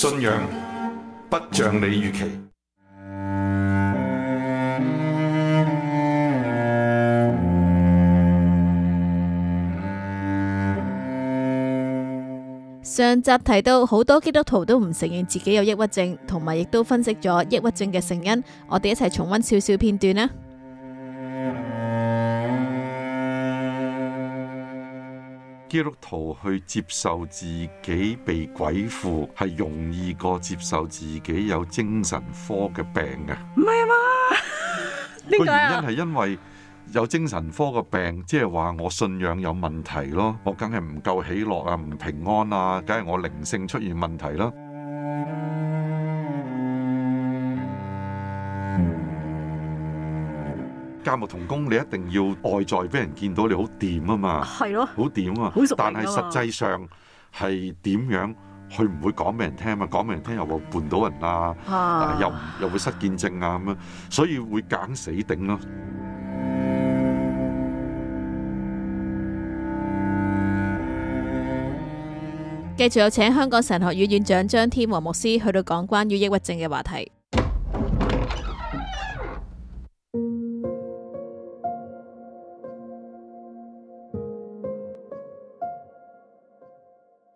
信仰不像你預期。上集提到好多基督徒都唔承認自己有抑鬱症，同埋亦都分析咗抑鬱症嘅成因。我哋一齊重溫少少片段啦。基督徒去接受自己被鬼附，係容易過接受自己有精神科嘅病嘅。唔係吖嘛？個原因係因為有精神科嘅病，即係話我信仰有問題咯，我梗係唔夠喜樂啊，唔平安啊，梗係我靈性出現問題啦。駕木同工，你一定要外在俾人見到你好掂啊嘛，係咯，好掂啊。但係實際上係點樣？佢唔會講俾人聽啊嘛，講俾人聽又話絆倒人啊，又又會失見證啊咁樣，所以會揀死頂咯。繼續，有請香港神學院院長張天和牧師去到講關於抑鬱症嘅話題。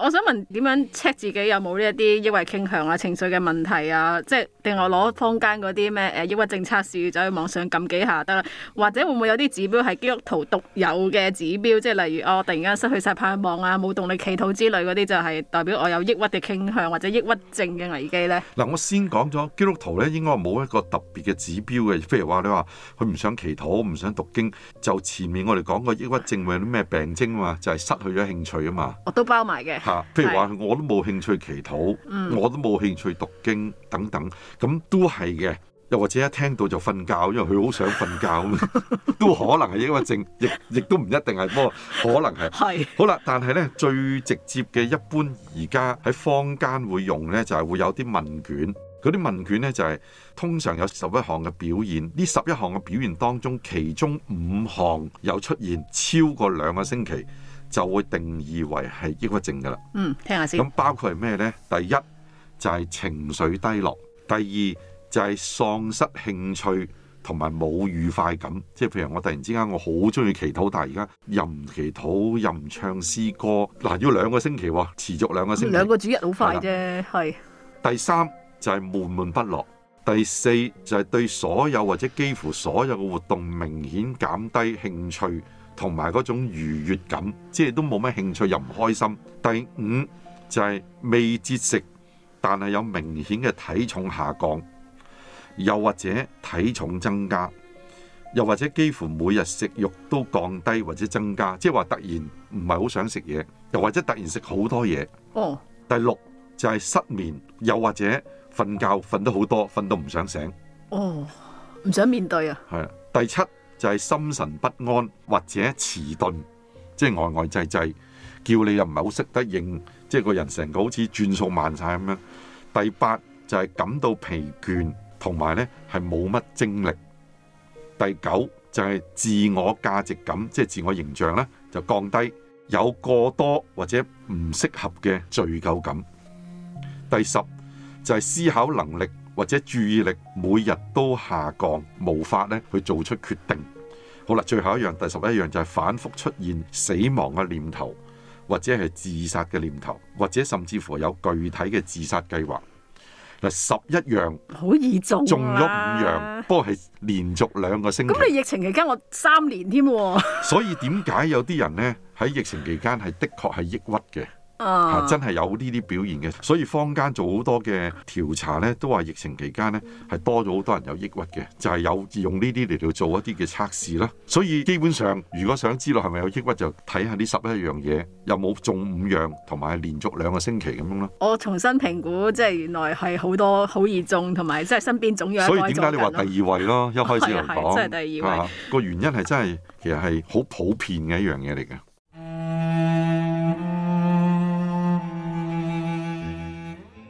我想問點樣 check 自己有冇呢一啲抑鬱傾向啊、情緒嘅問題啊，即係定係攞坊間嗰啲咩誒抑鬱症測試，就去網上撳幾下得啦？或者會唔會有啲指標係基督徒獨有嘅指標？即係例如我、哦、突然間失去晒盼望啊、冇動力祈禱之類嗰啲，就係、是、代表我有抑鬱嘅傾向或者抑鬱症嘅危機咧？嗱，我先講咗基督徒咧，應該冇一個特別嘅指標嘅。譬如話你話佢唔想祈禱、唔想讀經，就前面我哋講過抑鬱症會有啲咩病徵嘛，就係、是、失去咗興趣啊嘛。我都包埋嘅。譬如話我都冇興趣祈禱、嗯，我都冇興趣讀經等等，咁都係嘅。又或者一聽到就瞓覺，因為佢好想瞓覺， 都可能係抑鬱症，亦亦都唔一定係，不過可能係。好啦，但係呢，最直接嘅，一般而家喺坊間會用呢，就係、是、會有啲問卷。嗰啲問卷呢、就是，就係通常有十一項嘅表現，呢十一項嘅表現當中，其中五項有出現超過兩個星期。就會定義為係抑鬱症嘅啦。嗯，聽下先。咁包括係咩呢？第一就係、是、情緒低落，第二就係、是、喪失興趣同埋冇愉快感。即係譬如我突然之間我好中意祈禱，但係而家任祈禱，任唱詩歌。嗱、啊，要兩個星期喎，持續兩個星期。兩個主日好快啫，係。第三就係、是、悶悶不樂。第四就係、是、對所有或者幾乎所有嘅活動明顯減低興趣。同埋嗰種愉悅感，即係都冇乜興趣，又唔開心。第五就係未節食，但係有明顯嘅體重下降，又或者體重增加，又或者幾乎每日食慾都降低或者增加，即係話突然唔係好想食嘢，又或者突然食好多嘢。哦。第六就係失眠，又或者瞓覺瞓得好多，瞓到唔想醒。哦，唔想面對啊。係啊，第七。就係心神不安或者遲鈍，即係呆呆滯滯，叫你又唔係好識得應，即係個人成個好似轉數慢晒咁樣。第八就係感到疲倦，同埋咧係冇乜精力。第九就係自我價值感，即係自我形象咧就降低，有過多或者唔適合嘅罪疚感。第十就係思考能力。或者注意力每日都下降，無法咧去做出決定。好啦，最後一樣，第十一樣就係反覆出現死亡嘅念頭，或者係自殺嘅念頭，或者甚至乎有具體嘅自殺計劃。嗱，十一樣好易中，中咗五樣，不過係連續兩個星期。咁你疫情期間我三年添 所以點解有啲人呢喺疫情期間係的確係抑鬱嘅？Uh, 啊！真係有呢啲表現嘅，所以坊間做好多嘅調查咧，都話疫情期間咧係多咗好多人有抑鬱嘅，就係、是、有用呢啲嚟到做一啲嘅測試啦。所以基本上，如果想知道係咪有抑鬱，就睇下，呢十一樣嘢，有冇中五樣，同埋連續兩個星期咁樣咯。我重新評估，即係原來係好多好易中，同埋即係身邊總有。所以點解你話第二位咯？一開始嚟講，係 啊，真係第二位。個、啊、原因係真係，其實係好普遍嘅一樣嘢嚟嘅。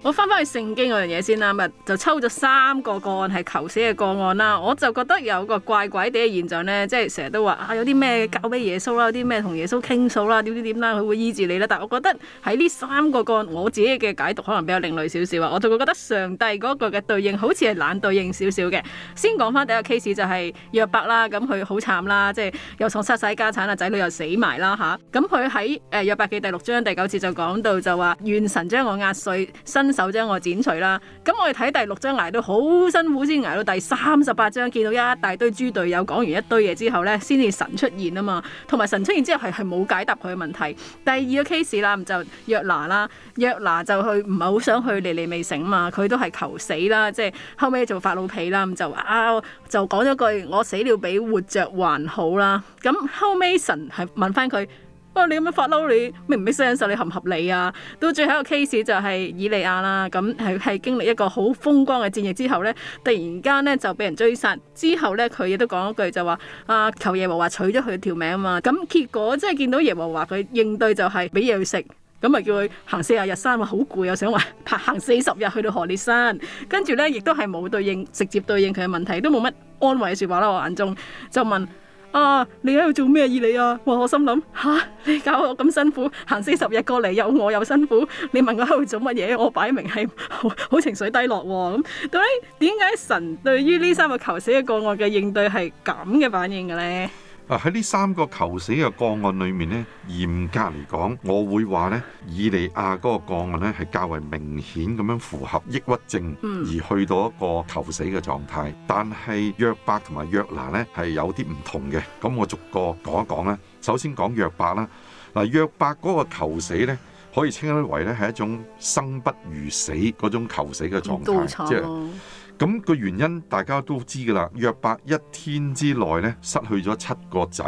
我翻翻去聖經嗰樣嘢先啦，咪就抽咗三個個案係求死嘅個案啦，我就覺得有個怪怪地嘅現象咧，即係成日都話啊，有啲咩交俾耶穌啦，有啲咩同耶穌傾訴啦，點點點啦，佢會醫治你啦。但係我覺得喺呢三個個案，我自己嘅解讀可能比較另類少少啊。我就會覺得上帝嗰個嘅對應好似係懶對應少少嘅。先講翻第一個 case 就係約伯啦，咁佢好慘啦，即係又喪失晒家產啦，仔女又死埋啦吓，咁佢喺誒約伯記第六章第九節就講到就話願神將我壓碎身。首章我剪除啦，咁我哋睇第六章捱到好辛苦，先捱到第三十八章，見到一大堆豬隊友講完一堆嘢之後呢，先至神出現啊嘛，同埋神出現之後係係冇解答佢嘅問題。第二個 case 啦，就約拿啦，約拿就去唔係好想去尼尼微啊嘛，佢都係求死啦，即係後尾做發老脾啦，咁就啊就講咗句我死了比活着還好啦，咁後尾神係問翻佢。哇、哦！你咁樣發嬲，你明唔明申訴？你合唔合理啊？到最後一個 case 就係以利亞啦，咁係係經歷一個好風光嘅戰役之後咧，突然間咧就俾人追殺，之後咧佢亦都講一句就話：啊，求耶和華取咗佢條命啊！咁結果即係見到耶和華佢應對就係俾嘢佢食，咁啊叫佢行四廿日山啊好攰又想話爬行四十日去到何烈山，跟住咧亦都係冇對應，直接對應佢嘅問題都冇乜安慰嘅說話啦！我眼中就問。啊！你喺度做咩以利亞啊？我心諗吓，你搞我咁辛苦，行四十日過嚟又餓又辛苦，你問我喺度做乜嘢？我擺明係好，好情緒低落咁啊。咁到底點解神對於呢三個求死嘅個案嘅應對係咁嘅反應嘅咧？啊！喺呢三個求死嘅個案裏面呢，嚴格嚟講，我會話呢，以利亞嗰個個案呢係較為明顯咁樣符合抑鬱症、嗯、而去到一個求死嘅狀態。但係約伯同埋約拿呢係有啲唔同嘅，咁我逐個講一講啦。首先講約伯啦，嗱約伯嗰個求死呢，可以稱為呢係一種生不如死嗰種求死嘅狀態，即、嗯、係。咁、那個原因大家都知噶啦，約伯一天之內咧失去咗七個仔、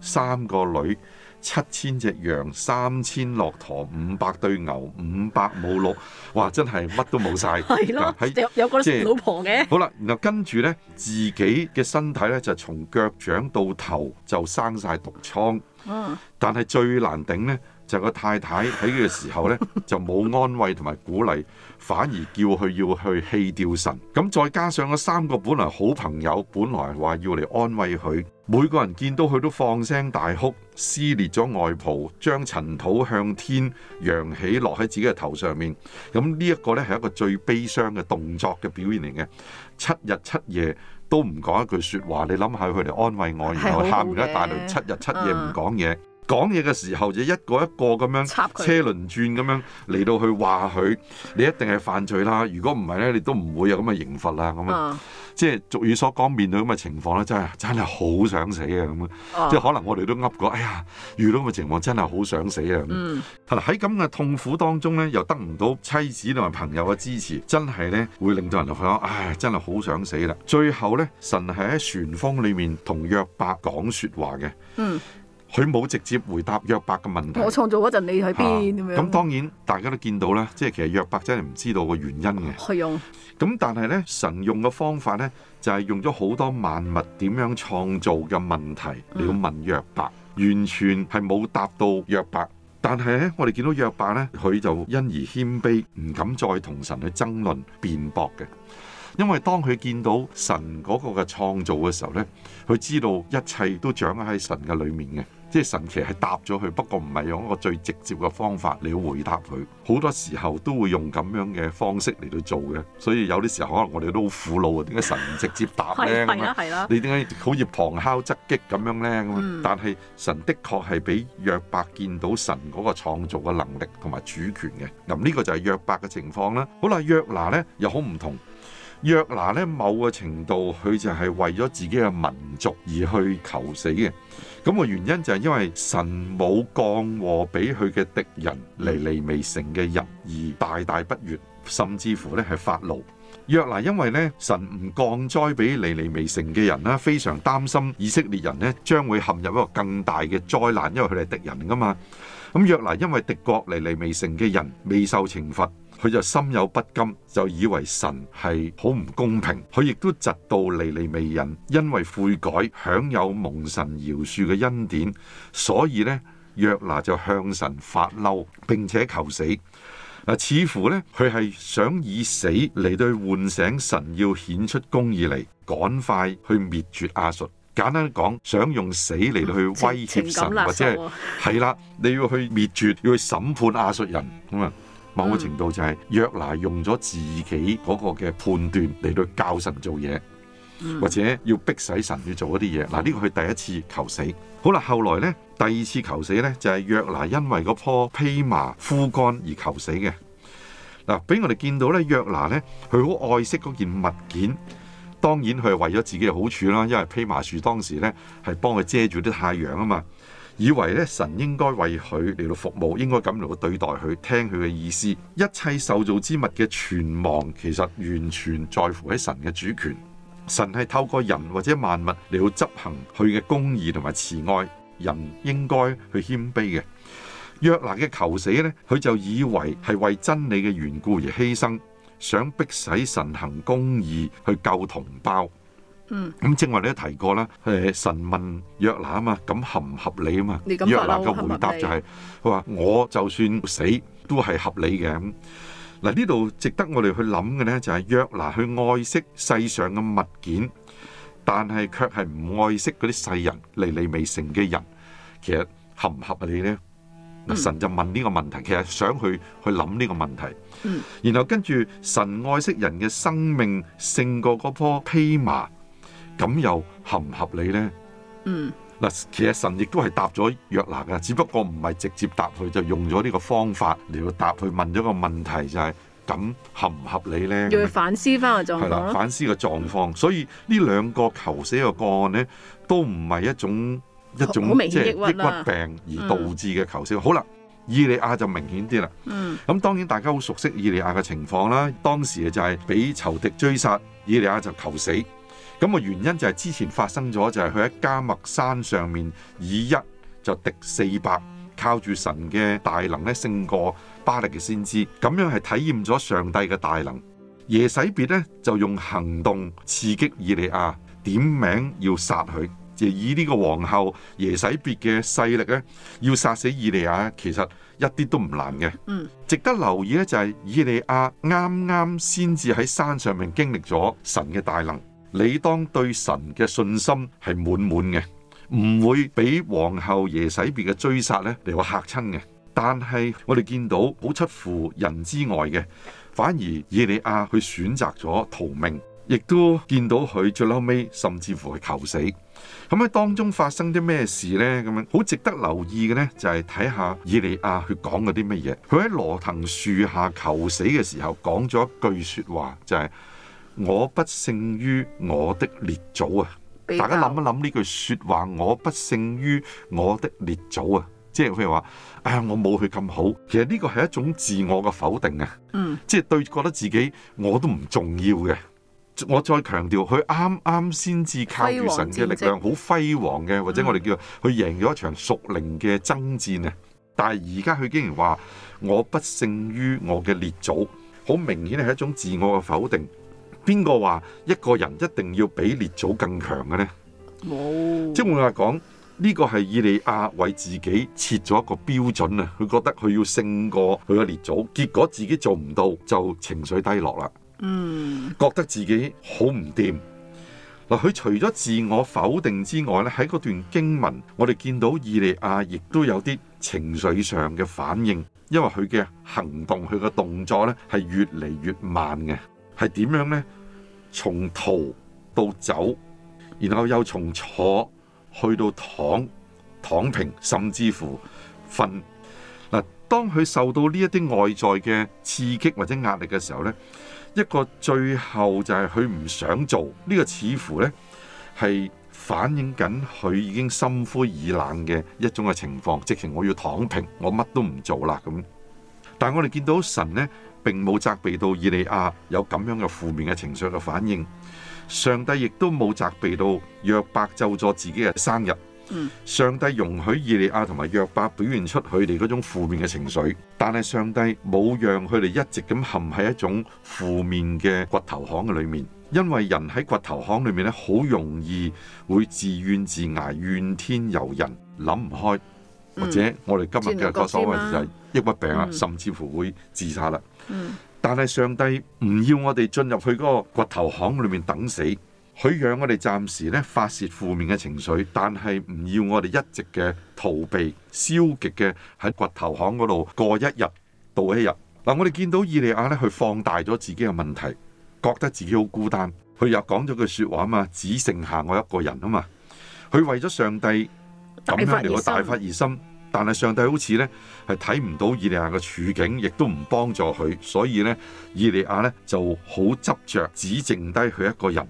三個女、七千隻羊、三千駱駝、五百對牛、五百母鹿，哇！真係乜都冇晒。係有，有個老婆嘅，就是。好啦，然後跟住咧，自己嘅身體咧就從腳掌到頭就生晒毒瘡。Uh. 但係最難頂呢。就個、是、太太喺佢嘅時候呢，就冇安慰同埋鼓勵， 反而叫佢要去棄掉神。咁再加上嗰三個本來好朋友，本來話要嚟安慰佢，每個人見到佢都放聲大哭，撕裂咗外袍，將塵土向天揚起，落喺自己嘅頭上面。咁呢一個呢，係一個最悲傷嘅動作嘅表現嚟嘅。七日七夜都唔講一句説話，你諗下佢嚟安慰我，然後喊完一大輪七日七夜唔講嘢。講嘢嘅時候就一個一個咁樣插車輪轉咁樣嚟到去話佢，你一定係犯罪啦！如果唔係咧，你都唔會有咁嘅刑罰啦。咁、嗯、樣即係、就是、俗語所講面對咁嘅情況咧，真係真係好想死啊！咁樣、嗯、即係可能我哋都噏過，哎呀，遇到咁嘅情況真係好想死啊！咁喺咁嘅痛苦當中咧，又得唔到妻子同埋朋友嘅支持，真係咧會令到人嚟講，唉，真係好想死啦！最後咧，神係喺旋風裡面同約伯講説話嘅。嗯。佢冇直接回答約伯嘅問題。我創造嗰陣，你喺邊咁樣？咁當然，大家都見到啦，即係其實約伯真係唔知道個原因嘅。係用咁，但係呢，神用嘅方法呢，就係、是、用咗好多萬物點樣創造嘅問題你要問約伯、嗯，完全係冇答到約伯。但係呢，我哋見到約伯呢，佢就因而謙卑，唔敢再同神去爭論辯駁嘅。因為當佢見到神嗰個嘅創造嘅時候呢，佢知道一切都掌握喺神嘅裏面嘅。即係神奇係答咗佢，不過唔係用一個最直接嘅方法嚟回答佢。好多時候都會用咁樣嘅方式嚟到做嘅，所以有啲時候可能我哋都好苦惱啊！點解神唔直接答咧、 啊啊啊？你點解好似旁敲側擊咁樣咧？咁、嗯、但係神的確係俾約伯見到神嗰個創造嘅能力同埋主權嘅。咁呢個就係約伯嘅情況啦。好啦，約拿咧又好唔同。約拿咧，某個程度佢就係為咗自己嘅民族而去求死嘅。咁個原因就係因為神冇降禍俾佢嘅敵人尼尼微城嘅人而大大不悅，甚至乎咧係發怒。約拿因為咧神唔降災俾尼尼微城嘅人啦，非常擔心以色列人咧將會陷入一個更大嘅災難，因為佢哋係敵人噶嘛。咁約拿因為敵國尼尼微城嘅人未受懲罰，佢就心有不甘，就以為神係好唔公平。佢亦都窒到嚟嚟未人，因為悔改享有蒙神饒恕嘅恩典，所以呢，約拿就向神發嬲，並且求死。呃、似乎呢，佢係想以死嚟對喚醒神，要顯出公義嚟，趕快去滅絕亞述。簡單講，想用死嚟去威脅神、啊，或者係啦，你要去滅絕，要去審判亞述人咁啊！嗯某、嗯、個程度就係約拿用咗自己嗰個嘅判斷嚟到教神做嘢，嗯，或者要逼使神去做一啲嘢。嗱，呢個佢第一次求死。好啦，後來呢，第二次求死呢，就係、是、約拿因為嗰棵披麻枯乾而求死嘅。嗱，俾我哋見到呢，約拿呢，佢好愛惜嗰件物件。當然佢係為咗自己嘅好處啦，因為披麻樹當時呢，係幫佢遮住啲太陽啊嘛。以為咧神應該為佢嚟到服務，應該咁嚟到對待佢，聽佢嘅意思。一切受造之物嘅存亡，其實完全在乎喺神嘅主權。神係透過人或者萬物嚟到執行佢嘅公義同埋慈愛。人應該去謙卑嘅。約拿嘅求死咧，佢就以為係為真理嘅緣故而犧牲，想逼使神行公義去救同胞。嗯，咁正話你都提過啦。誒，神問約拿啊，嘛咁合唔合理啊？嘛，約拿嘅回答就係佢話，我就算死都係合理嘅。嗱，呢度值得我哋去諗嘅呢，就係約拿去愛惜世上嘅物件，但係卻係唔愛惜嗰啲世人，尼尼微城嘅人，其實合唔合理呢？嗯，神就問呢個問題，其實想去去諗呢個問題。嗯，然後跟住神愛惜人嘅生命勝過嗰樖蓖麻。咁又合唔合理咧？嗯，嗱，其實神亦都係答咗約拿噶，只不過唔係直接答佢，就用咗呢個方法嚟到答佢，問咗個問題就係、是：咁合唔合理咧？要去反思翻個狀況，反思個狀況。所以呢兩個求死嘅個案咧，都唔係一種一種即係抑鬱、就是、病而導致嘅求死。嗯、好啦，以利亞就明顯啲啦。嗯，咁當然大家好熟悉以利亞嘅情況啦。當時就係俾仇敵追殺，以利亞就求死。咁個原因就係之前發生咗，就係佢喺迦密山上面以一就敵四百，靠住神嘅大能咧，勝過巴力嘅先知，咁樣係體驗咗上帝嘅大能。耶洗別咧就用行動刺激以利亞，點名要殺佢，就以呢個皇后耶洗別嘅勢力咧要殺死以利亞。其實一啲都唔難嘅。嗯，值得留意咧就係以利亞啱啱先至喺山上面經歷咗神嘅大能。你當對神嘅信心係滿滿嘅，唔會俾皇后耶洗別嘅追殺咧嚟到嚇親嘅。但係我哋見到好出乎人之外嘅，反而以利亞佢選擇咗逃命，亦都見到佢最後尾甚至乎係求死。咁喺當中發生啲咩事呢？咁樣好值得留意嘅呢，就係睇下以利亞佢講嗰啲乜嘢。佢喺羅藤樹下求死嘅時候講咗一句説話，就係、是。我不勝於我的列祖啊！大家諗一諗呢句說話，我不勝於我的列祖啊，即係譬如話，哎呀，我冇佢咁好。其實呢個係一種自我嘅否定啊。即係對覺得自己我都唔重要嘅。我再強調，佢啱啱先至靠住神嘅力量，好輝煌嘅，或者我哋叫佢贏咗一場屬靈嘅爭戰啊。但係而家佢竟然話我不勝於我嘅列祖，好明顯係一種自我嘅否定。邊個話一個人一定要比列祖更強嘅呢？即係換話講，呢個係以利亞為自己設咗一個標準啊！佢覺得佢要勝過佢嘅列祖，結果自己做唔到，就情緒低落啦。嗯、mm.，覺得自己好唔掂。嗱，佢除咗自我否定之外咧，喺嗰段經文，我哋見到以利亞亦都有啲情緒上嘅反應，因為佢嘅行動，佢嘅動作咧係越嚟越慢嘅，係點樣呢？從逃到走，然後又從坐去到躺，躺平，甚至乎瞓。嗱，當佢受到呢一啲外在嘅刺激或者壓力嘅時候，呢一個最後就係佢唔想做呢、呢個，似乎呢係反映緊佢已經心灰意冷嘅一種嘅情況，直情我要躺平，我乜都唔做啦咁。但係我哋見到神呢。並冇責備到以利亞有咁樣嘅負面嘅情緒嘅反應，上帝亦都冇責備到約伯咒詛自己嘅生日。上帝容許以利亞同埋約伯表現出佢哋嗰種負面嘅情緒，但係上帝冇讓佢哋一直咁陷喺一種負面嘅掘頭巷嘅裏面，因為人喺掘頭巷裏面咧，好容易會自怨自艾、怨天尤人、諗唔開，或者我哋今日嘅個所謂就係抑鬱病，啊，甚至乎會自殺啦。嗯、但係上帝唔要我哋進入去嗰個掘頭巷裏面等死，佢讓我哋暫時咧發洩負面嘅情緒，但係唔要我哋一直嘅逃避消極嘅喺掘頭巷嗰度過一日到一日。嗱，我哋見到以利亞咧，佢放大咗自己嘅問題，覺得自己好孤單，佢又講咗句說話啊嘛，只剩下我一個人啊嘛，佢為咗上帝咁樣嚟個大發熱心。但係上帝好似呢係睇唔到以利亞嘅處境，亦都唔幫助佢，所以呢，以利亞呢就好執着，只剩低佢一個人。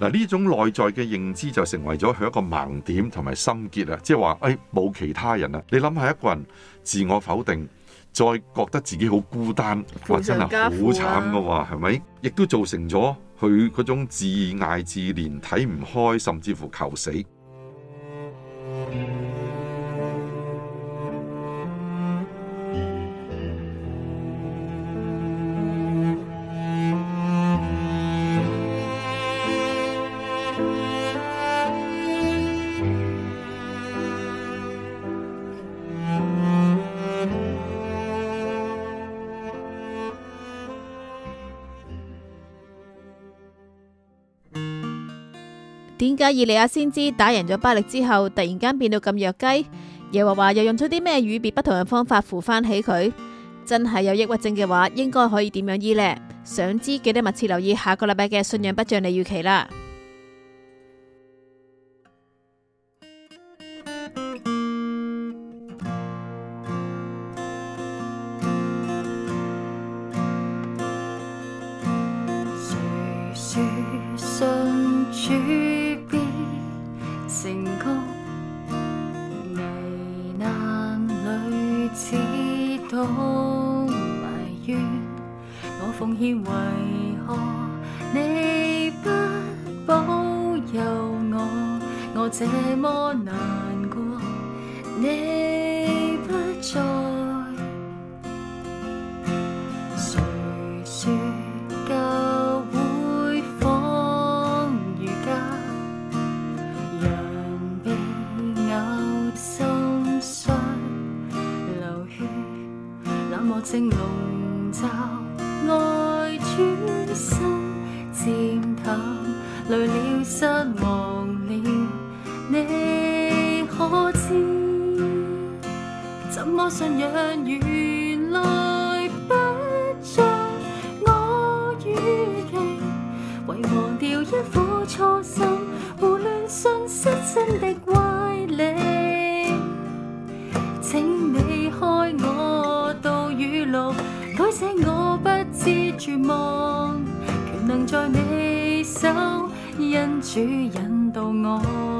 嗱，呢種內在嘅認知就成為咗佢一個盲點同埋心結啊！即係話，誒、哎、冇其他人啦，你諗下一個人自我否定，再覺得自己好孤單，或者係好慘噶喎，係咪、啊？亦都造成咗佢嗰種自艾自憐，睇唔開，甚至乎求死。點解以利亞先知打贏咗巴力之後，突然間變到咁弱雞？耶和華又用咗啲咩與別不同嘅方法扶翻起佢？真係有抑鬱症嘅話，應該可以點樣醫呢？想知記得密切留意下個禮拜嘅信仰不像你預期啦。埋怨我奉獻，為何你不保佑我？我這麼難。累了，失望了，你可知？怎麼信仰？原來不像我預期？為忘掉一顆錯心，胡亂信失真的歪理。請你開我道與路，改寫我不知絕望。在你手，因主引導我。